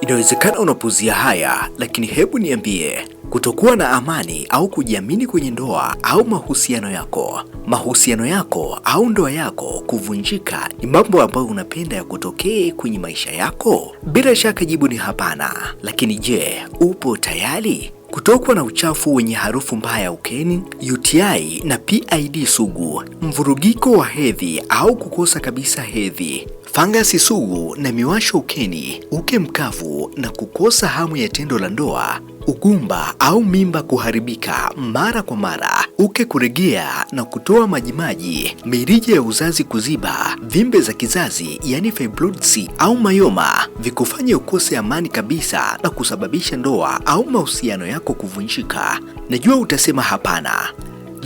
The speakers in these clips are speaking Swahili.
Inawezekana unapuzia haya, lakini hebu niambie, kutokuwa na amani au kujiamini kwenye ndoa au mahusiano yako, mahusiano yako au ndoa yako kuvunjika ni mambo ambayo unapenda ya kutokee kwenye maisha yako? Bila shaka jibu ni hapana, lakini je, upo tayari? kutokwa na uchafu wenye harufu mbaya ukeni, UTI na PID sugu, mvurugiko wa hedhi au kukosa kabisa hedhi, fangasi sugu na miwasho ukeni, uke mkavu na kukosa hamu ya tendo la ndoa ugumba au mimba kuharibika mara kwa mara, uke kuregea na kutoa majimaji, mirija ya uzazi kuziba, vimbe za kizazi yani fibroids au mayoma, vikufanye ukose amani kabisa na kusababisha ndoa au mahusiano yako kuvunjika. Najua utasema hapana.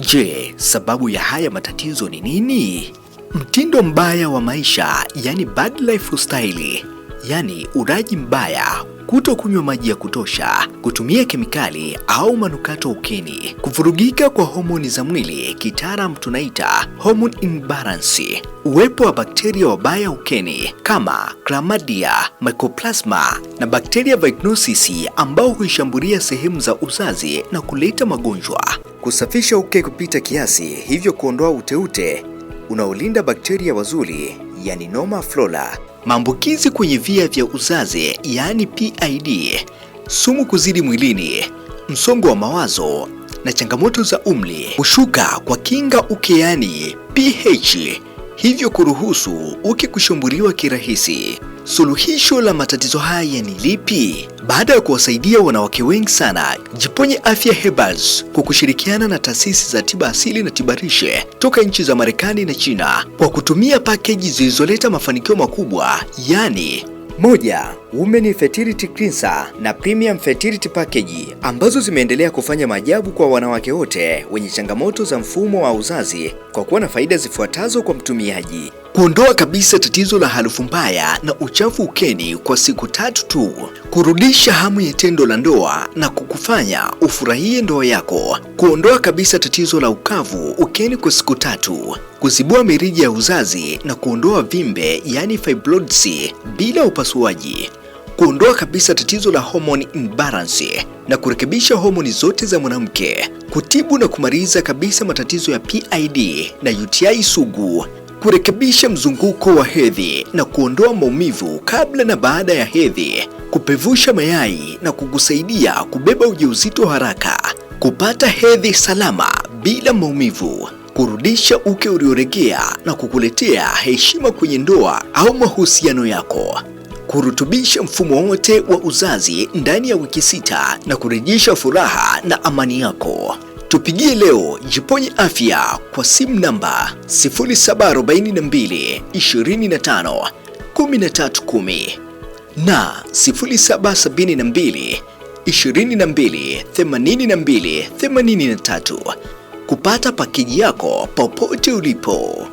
Je, sababu ya haya matatizo ni nini? Mtindo mbaya wa maisha yani bad lifestyle, yani uraji mbaya kutokunywa maji ya kutosha, kutumia kemikali au manukato ukeni, kuvurugika kwa homoni za mwili, kitaalam tunaita hormone imbalance, uwepo wa bakteria wabaya ukeni kama Chlamydia, Mycoplasma na bakteria vaginosis ambao huishambulia sehemu za uzazi na kuleta magonjwa, kusafisha uke kupita kiasi, hivyo kuondoa uteute unaolinda bakteria wazuri, yani normal flora maambukizi kwenye via vya uzazi yaani PID, sumu kuzidi mwilini, msongo wa mawazo na changamoto za umri, kushuka kwa kinga ukeani PH hivyo kuruhusu uke kushambuliwa kirahisi. Suluhisho la matatizo haya ni lipi? Baada ya kuwasaidia wanawake wengi sana, Jiponye Afya Herbals kwa kushirikiana na taasisi za tiba asili na tibarishe toka nchi za Marekani na China kwa kutumia pakeji zilizoleta mafanikio makubwa, yani moja Women Fertility Cleanser na Premium Fertility Package ambazo zimeendelea kufanya maajabu kwa wanawake wote wenye changamoto za mfumo wa uzazi kwa kuwa na faida zifuatazo kwa mtumiaji: kuondoa kabisa tatizo la harufu mbaya na uchafu ukeni kwa siku tatu tu, kurudisha hamu ya tendo la ndoa na kukufanya ufurahie ndoa yako, kuondoa kabisa tatizo la ukavu ukeni kwa siku tatu, kuzibua mirija ya uzazi na kuondoa vimbe, yani fibroids, bila upasuaji kuondoa kabisa tatizo la hormone imbalance na kurekebisha homoni zote za mwanamke, kutibu na kumaliza kabisa matatizo ya PID na UTI sugu, kurekebisha mzunguko wa hedhi na kuondoa maumivu kabla na baada ya hedhi, kupevusha mayai na kukusaidia kubeba ujauzito haraka, kupata hedhi salama bila maumivu, kurudisha uke ulioregea na kukuletea heshima kwenye ndoa au mahusiano yako kurutubisha mfumo wote wa uzazi ndani ya wiki sita na kurejesha furaha na amani yako. Tupigie leo Jiponye Afya kwa simu namba 0742 25 1310 na 0772 22 82 83 kupata pakiji yako popote ulipo.